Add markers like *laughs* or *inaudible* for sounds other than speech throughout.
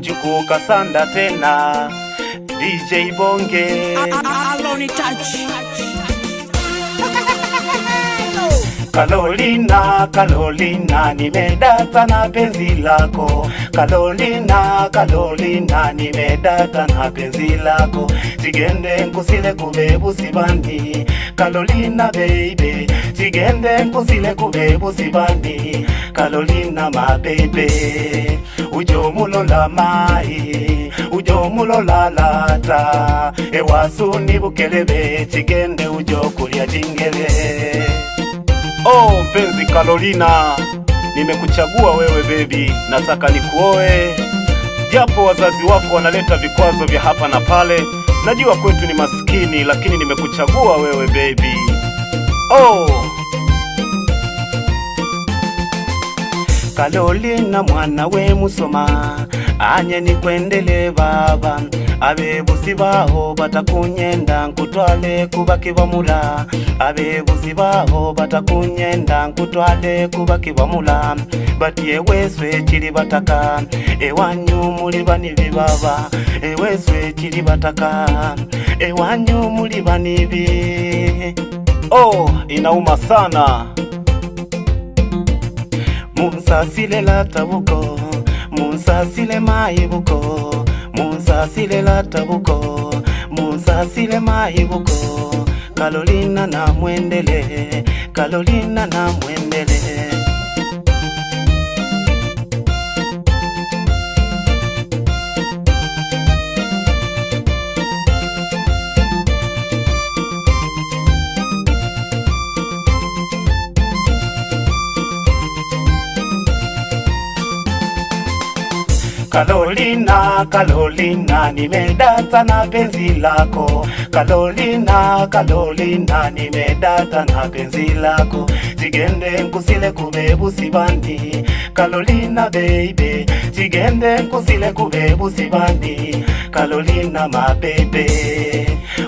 njuku Kasanda tena DJ Bonge Aloni Touch Kalolina, Kalolina, nimedata na penzi lako. Kalolina, Kalolina, nimedata na penzi lako. Jigende nkusile kubebu sibandi. Kalolina baby, Jigende nkusile kubebu sibandi. Kalolina my baby ujo mulola mai ujo mulola lata ewasu ni chigende ujo kulya jingele oh mpenzi Carolina nimekuchagua wewe bebi nataka nikuoe japo wazazi wako wanaleta vikwazo vya hapa na pale najua kwetu ni maskini lakini nimekuchagua wewe bebi oh Kaloli na mwana we Musoma anye nikwendele baba abebusi baho batakunyenda nkutwale kubakibamula abebusi baho batakunyenda nkutwale kubakibamula bati eweswe chiri bataka ewanyu muli bani bibaba eweswe chiri bataka ewanyu muli banibi oh inauma sana musasile latabuko musasile mayibuko musasile latabuko musasile maibuko kalolina na mwendele kalolina na mwendele Carolina, Carolina, nimedata na penzi lako. Carolina, Carolina, nimedata na penzi lako. Jigende nkusile kubebu sibandi. Carolina baby, jigende nkusile kubebu sibandi. Carolina my baby.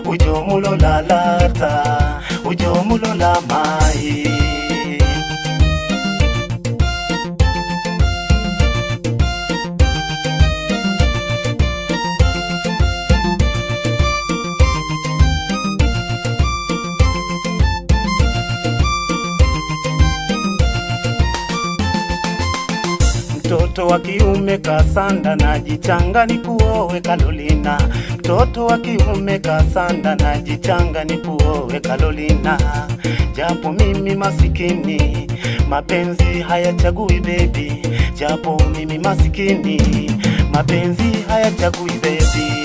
Ujo mulo lalata, ujo la mai. mtoto wa kiume Kasanda jichanga ni kuowe Kalolina, mtoto wa kiume Kasanda jichanga ni kuowe Kalolina, japo mimi masikini, mapenzi hayachagui bebi, japo mimi masikini, mapenzi hayachagui baby.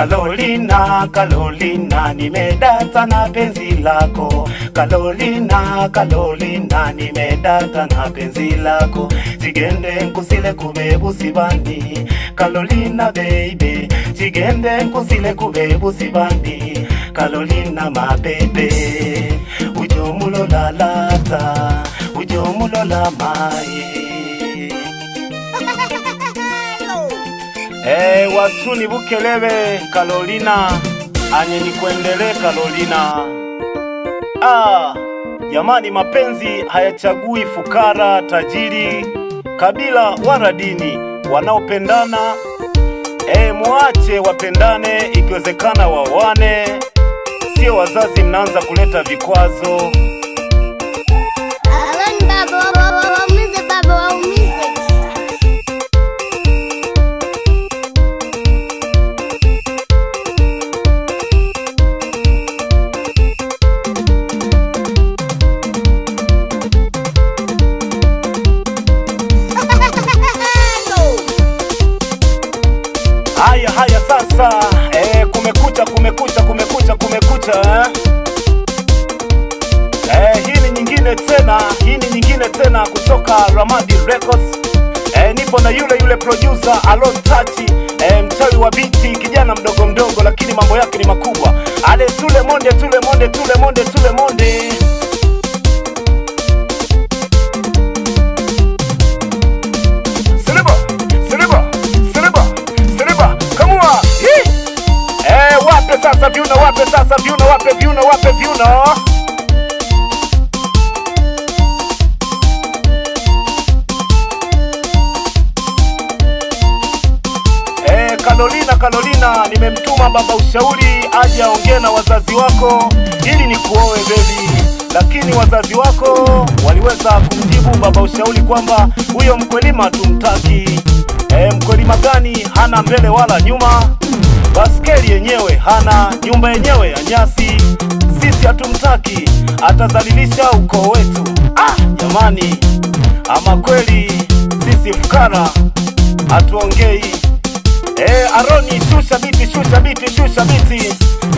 Carolina, Carolina, nimedata na penzi lako Carolina, Carolina, nimedata na penzi lako chigende nkusile kubebusibandi Kalolina, baby chigende nkusile Ujomulo la lata, ujomulo ujomulola mai Hey, eh, wasuni bukelebe Carolina anye ni kuendelee Carolina. Ah, jamani, mapenzi hayachagui fukara, tajiri, kabila wala dini, wanaopendana hey, eh, muache wapendane, ikiwezekana wawane sio wazazi mnaanza kuleta vikwazo. kuta eh? eh, hii ni nyingine tena, hii ni nyingine tena kutoka Ramadi Records. Eh, nipo na yule yule producer Tati eh, mchawi wa biti, kijana mdogo mdogo, lakini mambo yake ni makubwa. Ale tule monde tule monde tule monde tule monde sasa viuno, wape sasa viuno, wape viuno, wape viuno Eh, Karolina Karolina, nimemtuma baba ushauri aje aongee na wazazi wako ili nikuoe baby lakini wazazi wako waliweza kumjibu baba ushauri kwamba huyo mkwelima tumtaki. E, eh, mkwelima gani? Hana mbele wala nyuma baskeli yenyewe hana, nyumba yenyewe ya nyasi. Sisi hatumtaki, atazalilisha ukoo wetu. Ah, jamani, ama kweli sisi fukara hatuongei. Eh, Aroni shusha biti, shusha biti, shusha biti.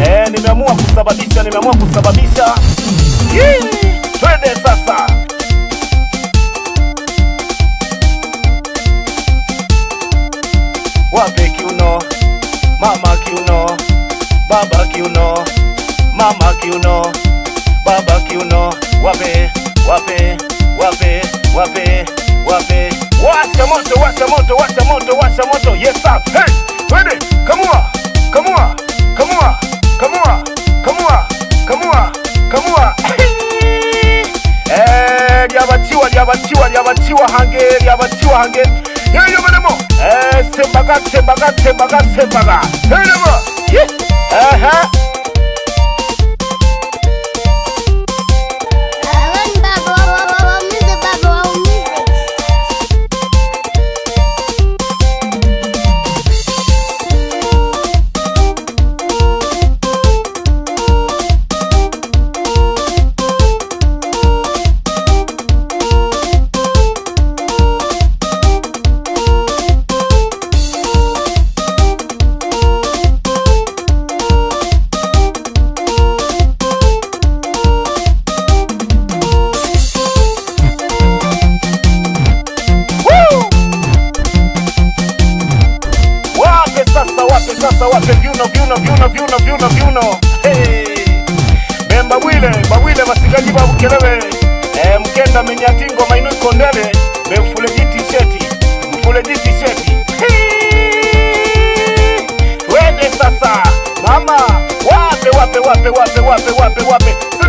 Eh, nimeamua kusababisha, nimeamua kusababisha. Twende sasa. Wape Mama Kiuno, Baba Kiuno, Mama Kiuno, Baba Kiuno, wape wape wape wape wape, washa moto, washa moto, washa moto, washa moto, yes sir, hey, twende, kamua, kamua, kamua, kamua, kamua, kamua, kamua eh, lyabatiwa lyabatiwa lyabatiwa hange lyabatiwa hange Hey, you want more? Eh, sebaga, sebaga, sebaga, sebaga. Hey, you want? Yeah. Uh eh. huh. babwile babwile basigaji ba Bukelebe e, eh, mkenda menyatingo mainui kondele mefulegiti sheti mfulegiti sheti wende sasa mama wape wape wape wape wape wape wape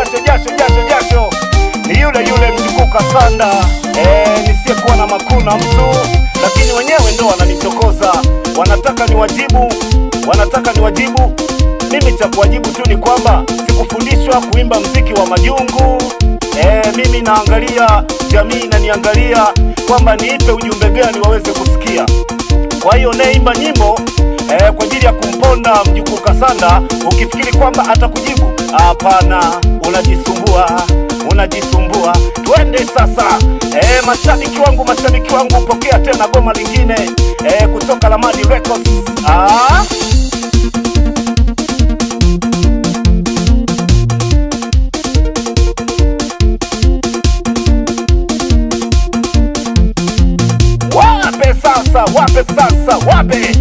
jasho jasho jasho jasho, ni yule yule mjukuu Kasanda eh, nisiyekuwa na makuna na mtu, lakini wenyewe ndo wananichokoza, wanataka niwajibu, wanataka niwajibu. Mimi cha kuwajibu tu ni kwamba sikufundishwa kuimba mziki wa majungu eh, mimi naangalia jamii inaniangalia kwamba niipe ujumbe gani waweze kusikia. Kwa hiyo naimba nyimbo eh, kwa ajili ya kumponda mjukuu Kasanda, ukifikiri kwamba atakujibu Hapana, unajisumbua, unajisumbua. Twende sasa. E, mashabiki wangu, mashabiki wangu, pokea tena goma lingine e, kutoka Lamadi Records. Ah. Wape sasa, wape sasa, wape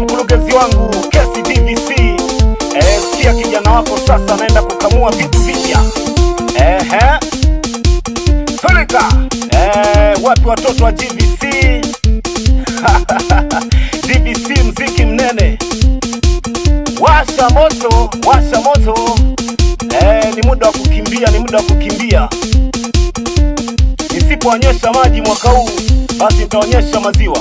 ni mkurugenzi wangu Kesi DVC. Eh, sikia kijana wako sasa anaenda kukamua vitu vipya. Eh, peleka eh, wapi watoto wa DVC? DVC *laughs* mziki mnene, washa moto, washa moto. Eh, ni muda wa kukimbia, ni muda wa kukimbia. Nisipoonyesha maji mwaka huu, basi nitaonyesha maziwa.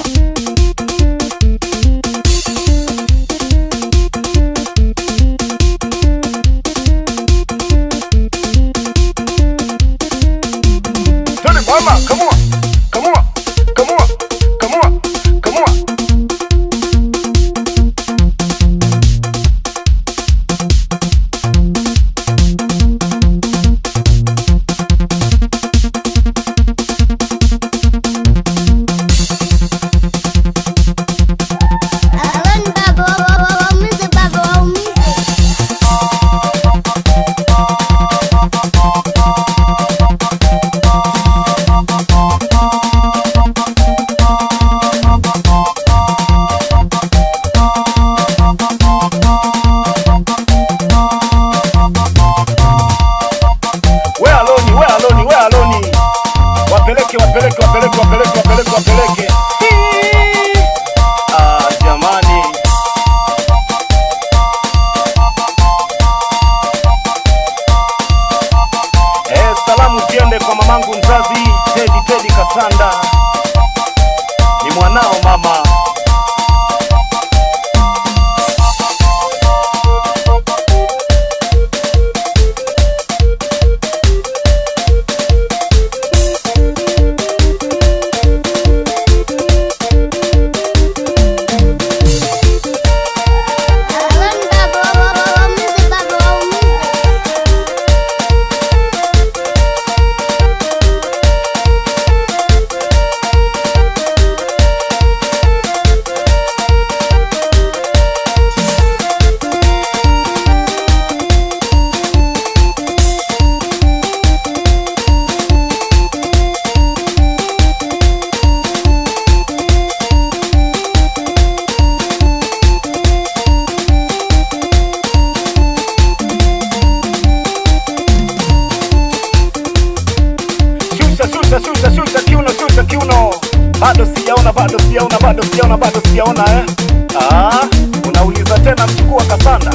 tena mjukuu wa Kasanda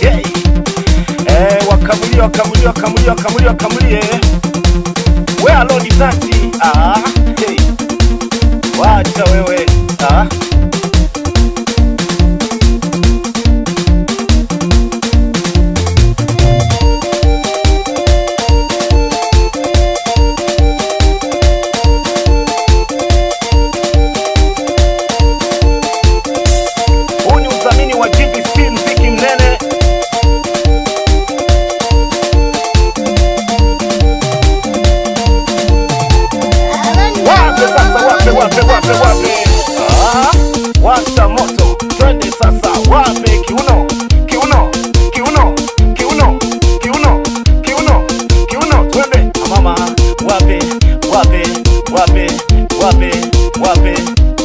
hey, hey. Eh, wakamulie wakamulie wakamulie wakamulie wakamulie wea lodi ah, hey. Wacha wewe ah.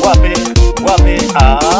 Wap it, wap it, ah.